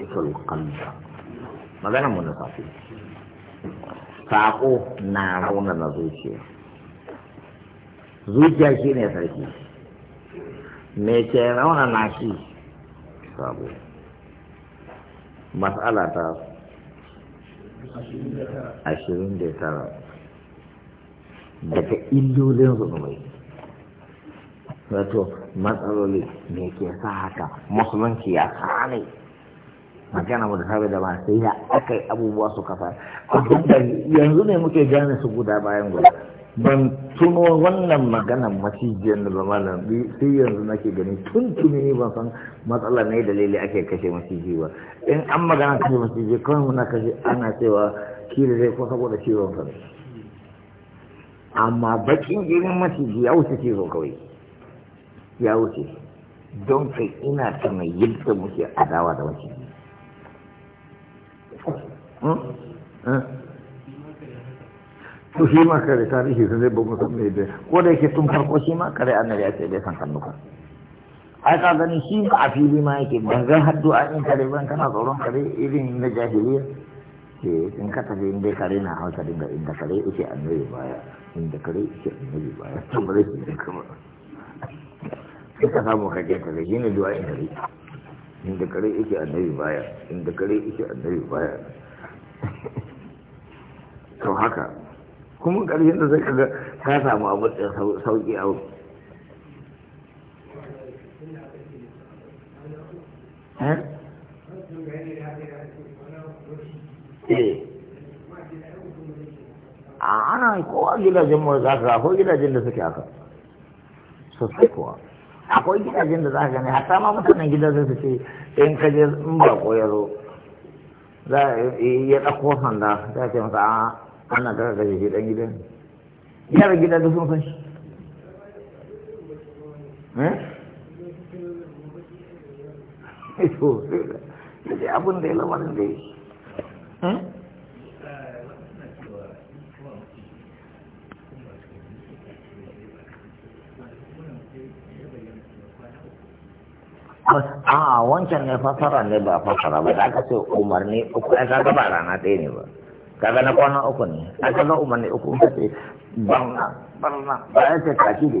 iful qalba magana safi sako na rauna na zuciya zuciya ne sarki me ke rauna na shi sabo mas'ala ta ashirin da tara daga illolin zunubai wato matsaloli me ke sa haka musulunci ya kane magana da sabe da ba sai ya aka yi abubuwa su kafa yanzu ne muke gane su guda bayan guda ban tuno wannan maganan masijiyar da da sai yanzu nake gani tun tuni ne ban san matsala ne dalili ake kashe maciji ba in an magana kashe maciji kawai muna kashe ana cewa kila zai ko saboda ciwon sa amma bakin girin maciji ya wuce cizo kawai ya wuce don kai ina ta mai yadda muke adawa da maciji to shi ma kare tarihi sun zai bugu sun mai bai ko da yake tun farko shi ma kare annabi ya ce bai san kannuka ai ka gani shi ba a fili ma yake ban ga haddu a in kare ban kana tsoron kare irin na jahiliya ke in ka tafi in bai kare na hausa dinga inda kare yake annabi baya inda kare yake annabi baya to ba zai shi kama sai ka samu kake kare shi ne du'a in kare inda kare yake annabi baya inda kare yake annabi baya to haka kuma ƙarshen da zai kaga ka samu abu da sauƙi a eh? Eh. ana kowa gidajen mu za ka ko gidajen da suke haka sosai kuwa akwai gidajen da za ka gani hatta ma mutanen gidan zai su ce in ka je in ba ko ya zo za ya ɗauko sanda za ce masa a ana daga gaje shi ɗan gidan yara gidan da sun san shi eh to sai abin da ya lamarin da ya hmm? Aa wancan ne fasara ne ba fasara ba da aka ce umarni uku ai kaga ba rana ɗaya ne ba kaga na kwana uku ne ai kaga umarni uku ka ce barna barna ba ya ce kaki da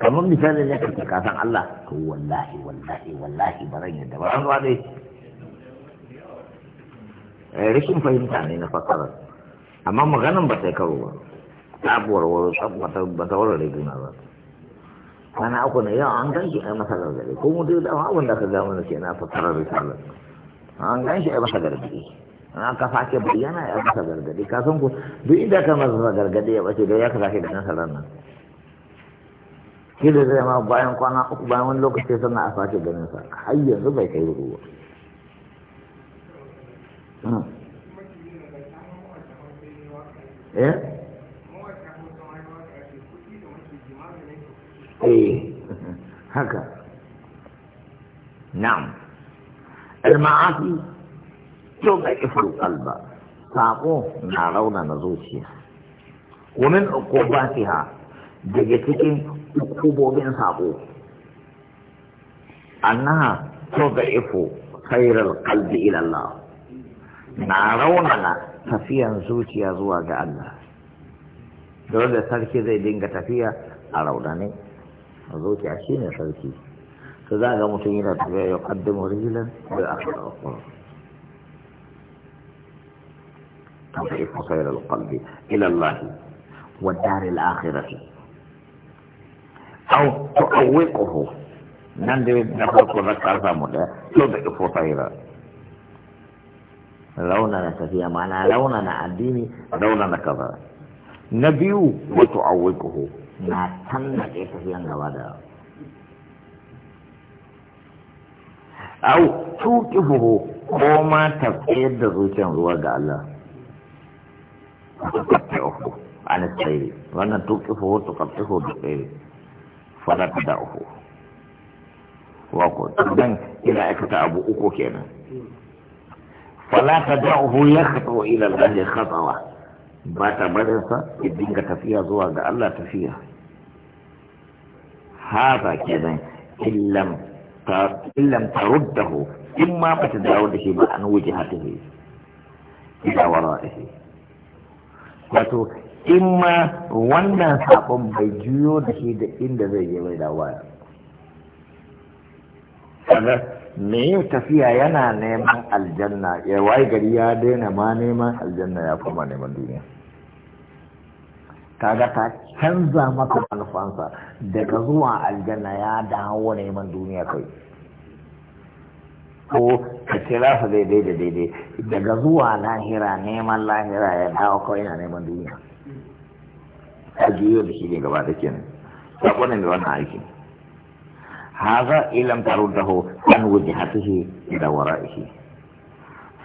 kamar misali ne ka ce ka Allah to wallahi wallahi wallahi ba yadda ba zuwa dai eh, fahimta ne na amma maganan ba sai karo ba sabuwar wani sabuwar ta wani rigina ba kwana uku ne yau an ganshi a masa gargaɗi ko mu duk dama abin da ka gama na ce na fassara risalar an ganshi a masa gargaɗi an ka sake bayyana a masa gargaɗi ka san ku duk inda ka masa gargaɗi ya bace don ya ka sake da nan ranar shi da zai ma bayan kwana uku bayan wani lokaci sannan a sake ganin sa har yanzu bai kai ruwa eh eh haka na'am al to ga ifru qalba sako na rauna na zuciya ba shi uqubatiha daga cikin ukubobin sako annaha to ga ifu khairal qalbi ila Allah na rauna na tafiyan zuciya zuwa ga Allah dole sarki zai dinga tafiya a raunane zuciya عشرين يا sarki su za ga mutum yana tafiya خير القلب إلى الله والدار الآخرة أو تؤوقه نندي نفرق ذكر ثمود تضعف طيرا لوننا تفيا معنا لوننا الديني لوننا كذا نبيو وتعوقه na tannake tafiyan gaba da au tuqifuhu ko ma tafiyar da zuciyar ruwa ga Allah tuqifuhu an tsayi wannan tuqifuhu tuqifuhu da tsayi fala tada'uhu wa ko dan ila aikata abu uku kenan fala ta da tada'uhu yakhtu ila Allah khatawa ba ta barinsa ya dinga tafiya zuwa ga Allah tafiya haza kenan illam ta illam taruddahu in ma ba ta dawo da shi ba an wuce hatihi ila wara'ihi wato in ma wannan sabon bai juyo da shi da inda zai je mai dawo ya kaga me ya tafiya yana neman aljanna ya wai gari ya daina ma neman aljanna ya kuma neman duniya kaga ta canza maka manufansa daga zuwa aljanna ya dawo neman duniya kai ko ka kira su daidai da daidai daga zuwa lahira neman lahira ya dawo kawai na neman duniya a juyo da shi ne gaba da kenan ne da wannan aikin haza ilam taruddahu an wujhatihi da wara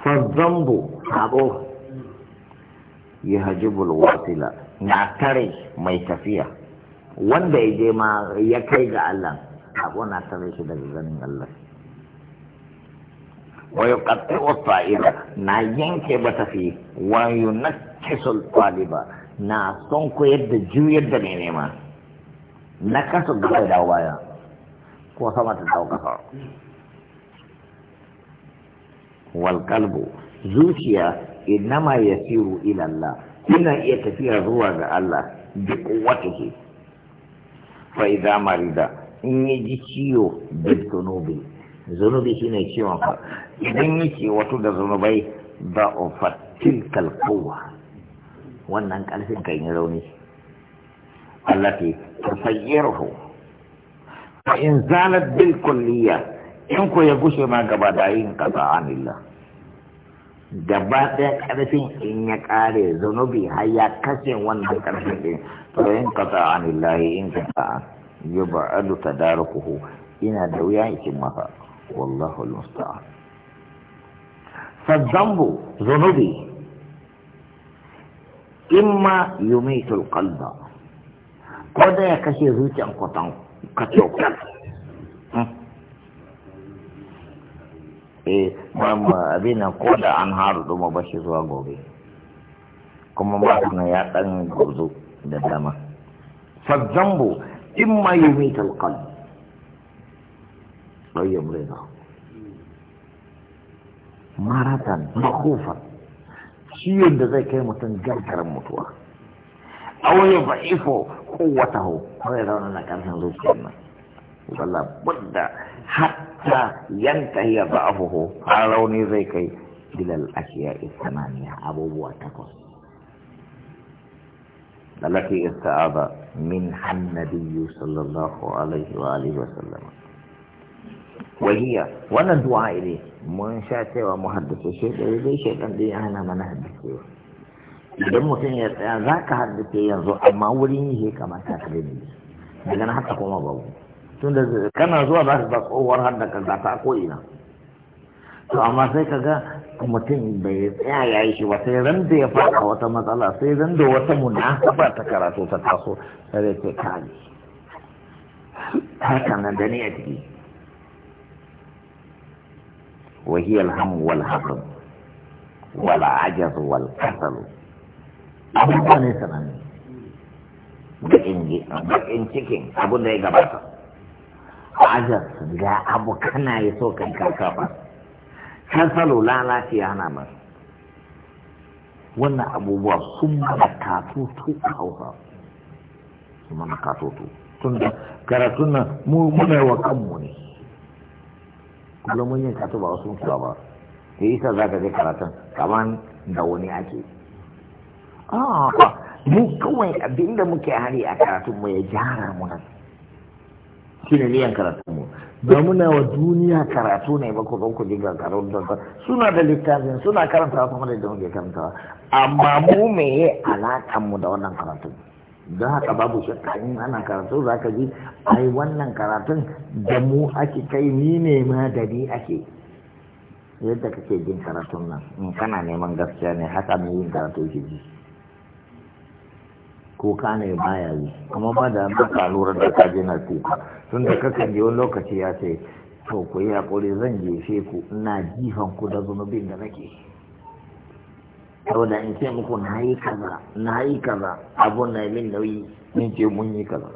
fa dhanbu haɗo yahjibul wasila na tare mai tafiya wanda ya je ma ya kai ga Allah abu na tare shi daga ganin Allah wa yuqatti'u ta'ila na yanke ba tafi wa yunakkisul taliba na son ko yadda juyar da ne nema na kasu gaba da baya ko sama ta dawo kasa wal qalbu zuciya innama yasiru ila Allah ina iya tafiya zuwa ga Allah duk wata fa idza marida in yi ji ciwo da zunubi zunubi shine ciwon fa idan yake ce wato da zunubai ba ofat tilkal quwwa wannan ƙarfin kan yi rauni Allah ke fa in zalat bil kulliyah in ko ya gushe ma gaba da yin qata'anillah gaba ɗaya ƙarfin in ya ƙare zunubi har ya kashe wannan ƙarfin ɗin to in ka ta an lahi in ka ta yi ba adu ta darukuhu ina da wuya ikin masa wallahu in ma zunubi mai yumitul ba ko da ya kashe zuciyar kwatan eh mamma abin ko da an haru duma ba shi zuwa gobe kuma masana ya dan gurzu da dama fadzambu imma yumit alqalb aw yumrida maratan makhufan shi da zai kai mutum gargaran mutuwa aw yudhifu quwwatahu ko ya na karfin zuciyar nan فلا بد حتى ينتهي ضعفه هاروني زي إلى الأشياء الثمانية أبو وتقص التي استعاد منها النبي صلى الله عليه وآله وسلم وهي وانا دعاء لي منشاتي ومحدث الشيء لدي شيء دي أنا ما نحدثه idan mutum ya tsaya za ka haddace yanzu amma wurin yi kamar ta kare daga na haka kuma babu tun da kana zuwa za ka ga tsohuwar hannun ka za ta ko'ina to amma sai ka ga mutum bai tsaya ya yi shi ba sai ran da ya faɗa wata matsala sai ran da wata munasaba ta karatu ta taso sai da ke kali haka nan da ne a ciki وهي الهم wala والعجز والكسل abubuwa ne sanannu bakin cikin abin da ya gabata ajar ga abu kana yi so kai kaka ba kan salo lalace yana ma. wannan abubuwa sun mana katutu a hausa sun mana katutu tun da karatun nan mu muna wa kanmu ne kuma mun yi katu ba wasu mutuwa ba ya isa za ka je karatun kaman da wani ake mu kawai abinda muke hari a karatun mu ya jara mu nan shi ne karatu mu. ba muna wa duniya karatu ne ba ko kuma ku dinga karatu suna da littafin suna karanta kuma da muke karanta amma mu meye alaka mu da wannan karatu don haka babu shakka in ana karatu za ka ji ai wannan karatun da mu ake kai ni ne ma da ni ake yadda kake jin karatun nan in kana neman gaskiya ne haka mai yin karatu ke ji kuka ne baya yi kuma ba da ka lura da ka je na teku tun da kakan je wani lokaci ya ce to ku yi haƙuri zan jefe ku ina jifan ku da zunubin da nake saboda in ce muku na yi kaza na yi kaza abun na min nauyi in ce mun yi kaza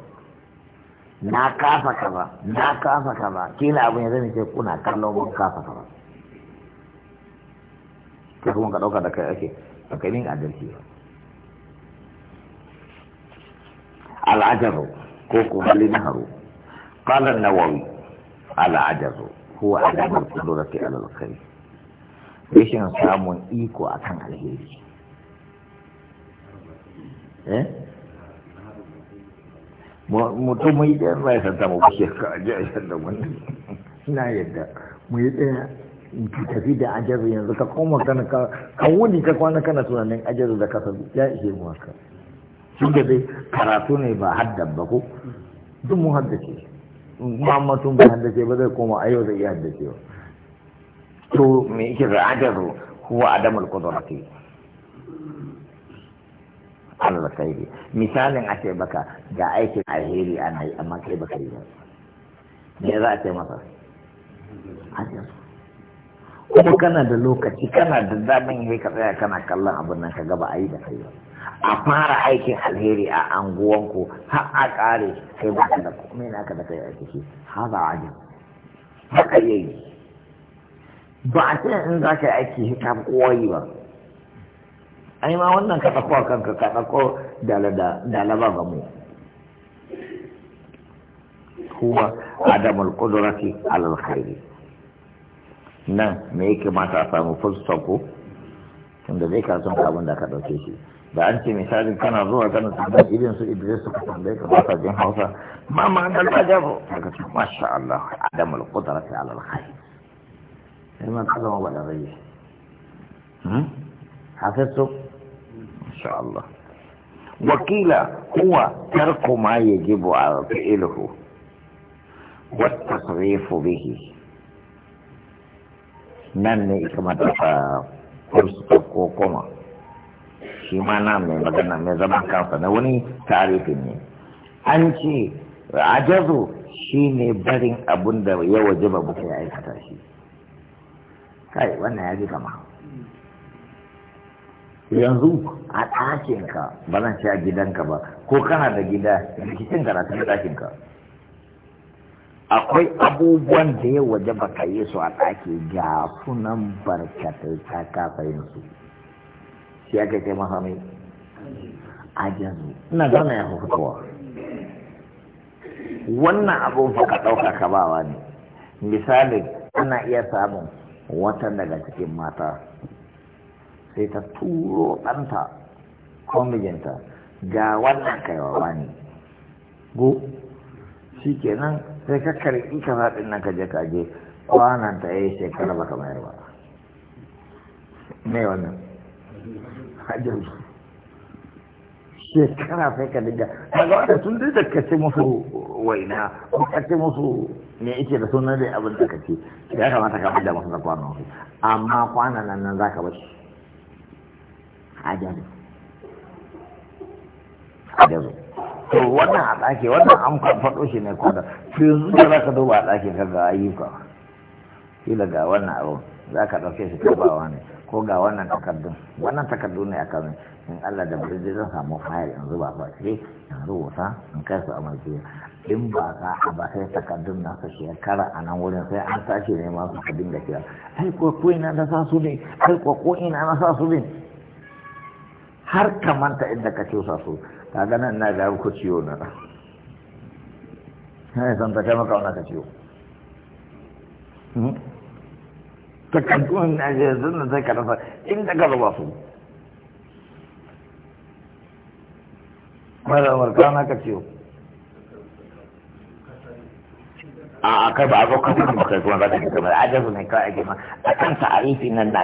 na kafa kaza na kafa kaza kila abun ya zama ce kuna kallon mun kafa kaza ka kuma ka ɗauka da kai ake a kai min adalci ba العجر كوكو هل نهر قال النووي العجر هو عدم القدرة على الخير ليش rashin samun iko a kan alheri mutum mai ɗayan rai ta mu kushe ka aji a da wani ina yadda mu yi ɗaya ki tafi da ajaru yanzu ka koma kana ka wuni ka kwana kana tunanin ajaru da ka ya ishe mu haka sun da dai karatu ne ba haddan ba ko duk mu haddace amma muhammadun bai haddace ba zai koma a yau zai iya haddace ba to me yake da adaru huwa adamul qudrati Allah kai misalin a ce baka ga aikin alheri ana yi amma kai baka yi ba me za a ce masa kuma kana da lokaci kana da damin yi ka tsaya kana kallon abin nan ka gaba a yi da kai ba a fara aikin alheri a anguwanku har a kare sai ba ka da komai ka da kai aiki shi haza ajin haka yi. ba a ce in za ka aiki ka koyi ba ai ma wannan ka ɗauko kanka ka ɗauko dalaba ga mu huwa adamul kudurati alal khairi nan me yake mata samu fulsoku ko tunda zai ka son abin da ka dauke shi بأنت مثال كان الروح كان تحدث إذن سوء إدريس كتابيك فاطة جنحة وصا ما معنى العجب فقلت ما شاء الله عدم القدرة على الخير لما تعلم أبو الأغيش حفظته ما شاء الله وكيل هو ترك ما يجب على فعله والتصريف به نني كما تفا فرصة قوقمه shi ma na mai magana mai zaman kansa na wani tarihin ne an ce ajazu shi ne barin abun da ya waje ba buka ya aikata shi kai wannan ya ji kama yanzu a ɗakinka ba zan sha gidanka ba ko kana da gida rikicin karatun ɗakinka akwai abubuwan da ya waje ba ka yi su a ɗaki ga sunan barkatai ta kafa yin shi aka ce masa mai ajazu ina na ya hukutuwa wannan abun fa ka ɗauka ka ba wa ne misali ana iya samun wata daga cikin mata sai ta turo ɗanta ko mijinta ga wannan wa ne go shi kenan sai ka karɓi ka faɗin nan ka je ka je kwanan ta yi shekara baka mayar ba mai wannan hajjari shekara sai ka dinga daga wanda sun duk da kace musu waina ko kace musu ne ike da sunan da abin da kace ya kamata ka fada musu da kwanan su amma kwanan nan nan za ka shi hajjari hajjari to wannan a ɗaki wannan an faɗo shi ne kwanan yanzu da za ka duba a ɗakin ka ga ayyuka kila ga wannan abu za ka ɗauke shi bawa ne ko ga wannan takardun wannan takardu ne a mai in Allah da birni zan samu fayil in zuba ba ce in rubuta in kai su a mulkiya in ba ka a ba sai takardun na su shekara a nan wurin sai an tashi ne ma su da kira ai ko ko ina na sa su ne ai ko ko ina na sa su ne har kamanta inda ka ce sa su ka ga nan na ga ku ciwo na sai san ta kai maka wannan ka ciwo hmm? takaddun na yanzu da sai ka rasa inda ka zuba su mara warka na ka ciwo a kai ba a zo kasar ba kai kuma za ta fita ba ajazu ne kawai ake ma a kan ta'arifi nan da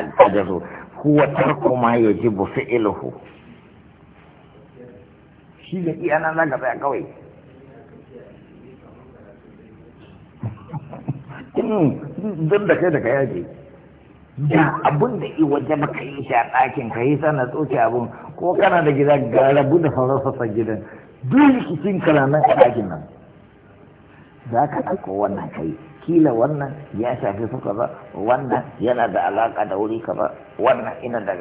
kuwa ta ajazu ya ji ma fi fi'iluhu shi da iya nan za ka tsaya kawai don da kai da kai yaje da abun da i waje maka yi shi a ɗakin ka yi sana tsoke abun ko kana da gida ga rabu da farfasa gidan duk rikicin kana a ɗakin nan za ka ɗauko wannan kai kila wannan ya shafi su kaza wannan yana da alaƙa da wuri kaza wannan ina da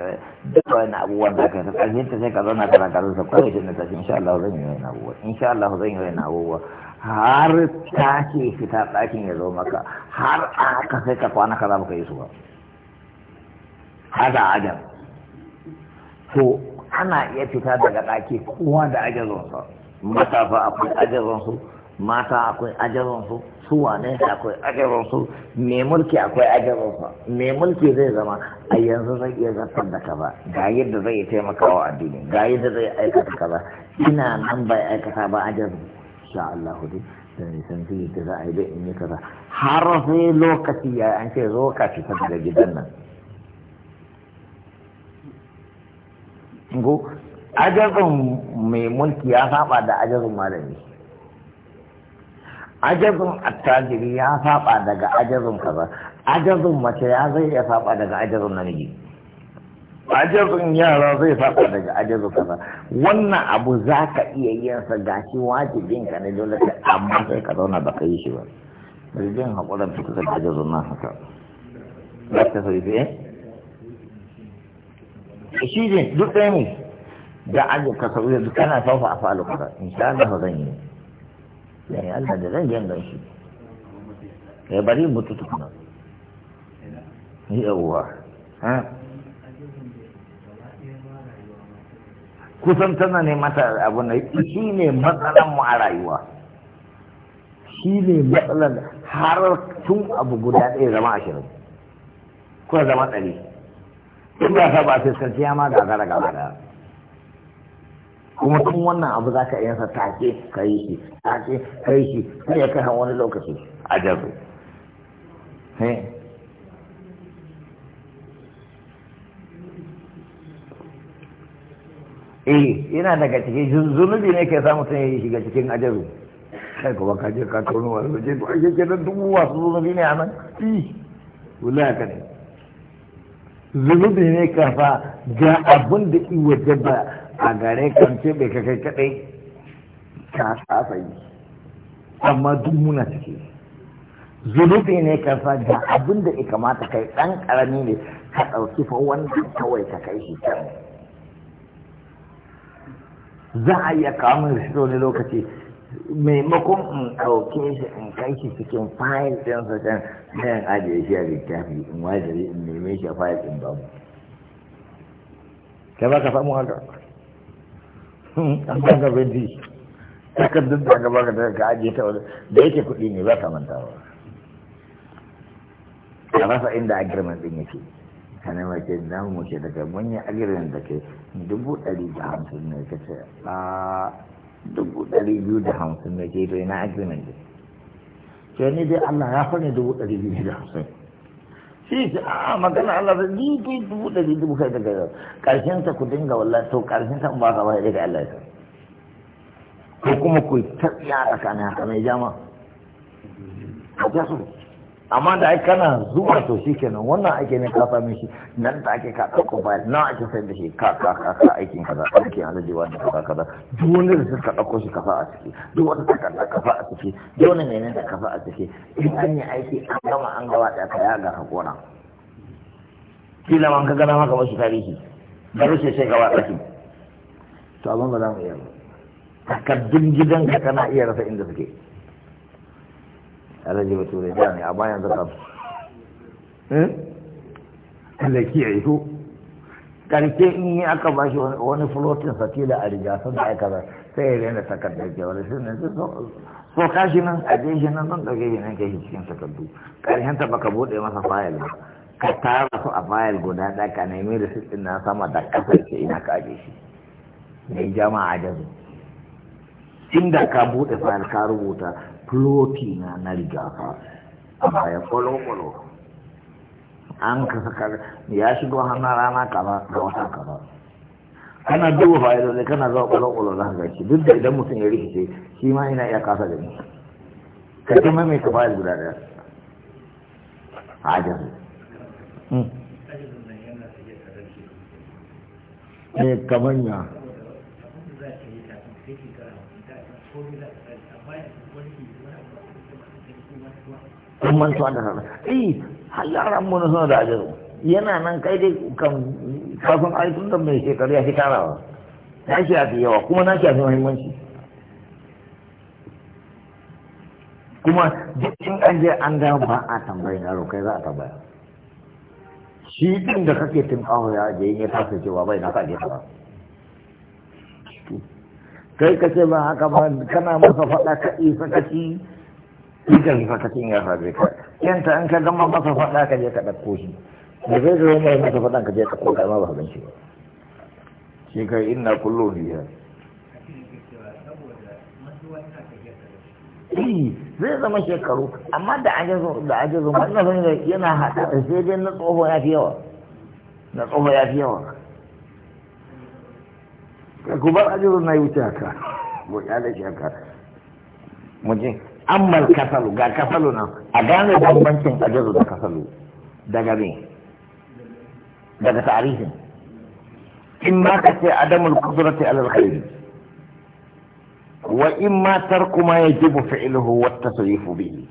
duka wani abubuwan da yi tsarfin ta sai ka zauna kana kaza sa kawai shi na tashi insha Allah zan yi wani abubuwa insha Allah zan yi wani abubuwa har ta ke fita ɗakin ya zo maka har a haka sai ka kwana kaza baka yi su ba hada ajar to ana iya fita daga ɗaki kowa da mata fa akwai ajarinsu mata akwai ajarinsu su wane akwai ajarinsu me mulki akwai ajarinsu me mulki zai zama a yanzu zai iya zartar da kaza ga yadda zai iya taimakawa addini ga yadda zai aikata kaza ina nan bai aikata ba ajarin sha Allah dai da nisan fili da za a yi da in yi kaza har sai lokaci ya an ce zo ka fita daga gidan nan ko ajazin mai mulki ya saba da ajazin malami ajazin attajiri ya saba daga ajazin kaza ajazin mace ya zai ya saba daga ajazin namiji ajazin yara zai saba daga ajazin kaza wannan abu za ka iya yin sa gashi wajibin ka ne dole ka amma sai ka zauna ba ka yi shi ba. Rijin haƙuran fitar da ajazin nan haka. Ba ta sauye eh? da shi ne duk ɗaya ne da ajiye ka sauya duk kana saufa a falo kasa in sha Allah zan yi yayi Allah da zan yin ganshi ya eh, bari mutu tukuna yawwa uwa kusan tana ne mata abu na shi ne matsalan mu a rayuwa shi ne matsalan har tun abu guda ɗaya zama ashirin ko zama ɗari in ba ka ba sarki ya ma gara gaba da kuma tun wannan abu za ka iya sa take ka yi shi take ka yi shi sai ya kai wani lokaci a jazo eh yana daga cikin zunubi ne ke sa mutum ya yi shiga cikin ajaru kai kuma ka je ka tono wani waje to ake kenan duk wasu zunubi ne a nan eh wula ka ne zunubi ne kafa ga abin da iya jaba a gare kamce bai kakai kadai ka kasa yi amma duk muna ciki zunubi ne kafa ga abin da ya kamata kai dan karami ne ka ɗauki fa wannan kawai ka kai shi can za a iya kawo min rishito ne lokaci maimakon in ɗauke shi in kai shi cikin fayil ɗin sa can sai ajiye shi a littafi in wajiri in neme shi a fayil ɗin babu kai ba ka samu haka hmm, an ba ka bindi duk da ka gaba ka ka ajiye ta wani da yake kuɗi ne ba ka manta ba. a rasa inda agreement ɗin yake Ka nema ke na mu ke daga manyan agreement da ke dubu ɗari da hamsin ne ka ce a dubu ɗari biyu da hamsin da ke bai na agreement ne ke ni dai Allah ya fani dubu ɗari biyu da hamsin shi ce a magana Allah ba ni dai dubu ɗari dubu kai daga yau ƙarshen ta ku dinga wallahi to ƙarshen ta ba ka ba daga Allah ya ko kuma ku ta tsaya tsakanin haka mai jama'a a jasu amma da aka kana zuwa to shi kenan wannan ake ne ka same shi nan da ake ka ɗauko ba nan ake sai da shi ka ka ka ka aikin kaza aikin alaji wani ka kaza duk wanda da suka dauko shi kafa a ciki duk wani takarda kafa a ciki duk wanda ne da kafa a ciki in an yi aiki an gama an gawa da ka ga hakora kila man ka gana maka wasu tarihi da rushe sai gaba ɗaki to abin ba za mu iya ba takardun ka kana iya rasa inda suke alhaji bature da ne a bayan zaka eh Allah yi ko karke in yi aka ba shi wani floating fatila a riga sun da aka ba sai ya rena takardar ke wani sun ne so ka shi nan a je shi nan don ɗauke shi nan ke shi cikin takardu karshen ta baka buɗe masa fayil ba ka tara su a fayil guda ɗaya ka nemi da ɗin na sama da ƙasar ke ina ka aje shi mai jama'a jazu inda ka buɗe fayil ka rubuta floti na na rigafa a ya kwalo-kwalo an ka saka ya shigo hana rana kama ga wata kaza kana duba fa'idodai kana zuwa kwalo-kwalo za ka shi duk da idan mutum ya rikice shi ma ina iya kasa da ni ka ce mai ka fa'id guda daya ajabi ne kamanya sai shekara ta ko ne za ta amma da kuma ta kuma kuma mantuwa eh, har yaran mu suna da ajaru yana nan kai dai kan kafin aikin ya fi ya yawa kuma na shafi kuma duk in je an ga ba a tambayin yaro kai za a tambaya shi din da kake tun ya je ya tafi cewa bai na ka je ba kai ka ce ba haka ba kana masa faɗa ka isa ka ci ita yi fakacin ya faɗe ka yanta an ka gama masa faɗa ka je ka ɗauko shi da zai zo mai masa faɗan ka je ka ɗauko ma ba ban shi ba shi kai inna kullu biya eh, zai zama shekaru amma da ajazo da ajazo wannan yana haɗa sai dai na tsoho ya fi yawa na tsoho ya fi yawa gubar ajiyar na yi wuce haka mu kyale shi haka mu je ammal kasalu ga kasalu nan a gane bambancin ajiyar da kasalu daga ne? daga tarihin in ma ka ce adamul kudrati alal khairi wa in ma tarku ma yajibu fi'luhu wa tasrifu bihi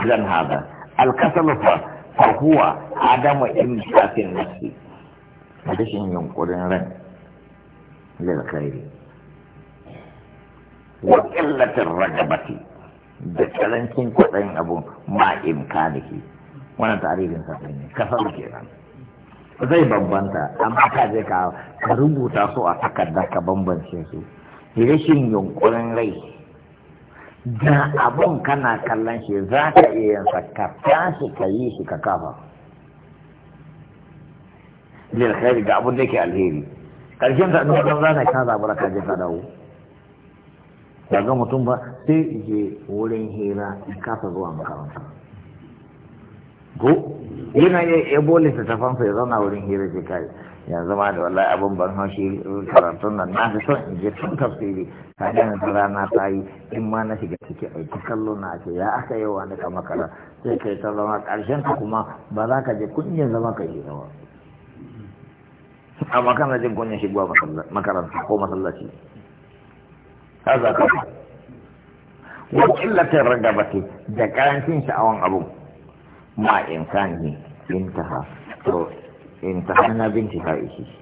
idan hada al kasalu fa huwa adamu imsakin nafsi rashin yunkurin ran للخير وقلة الرغبة da كتين أبو ما إمكانه وانا تعريف سبيني كفر كيران zai bambanta amma ka je ka rubuta su a takarda ka bambance su rashin yunkurin rai da abun kana kallon shi za ka iya yin sa ka tashi ka yi shi ka kafa lil khairi ga abun da ke alheri karshen ka ɗan ɗan zaka ka zaɓi ka je ka dawo ga mutum ba sai je wurin hira in kasa zuwa makaranta ko yana ya ta littattafan ya zauna wurin hira ce kai ya zama da wallahi abin ban haushi karantun nan na fi son in je tun tafsiri ka gane ta rana ta yi in ma na shiga ciki aiki kallo na ce ya aka yi wa ni ka makara sai kai ta zama karshen ka kuma ba za ka je kunyar zama ka yi zama amma kana jin kunyan shigowa makaranta ko masallaci haza ka wa illatin ragabati da karancin sha'awan abu ma ni intaha to intaha na bincika ishi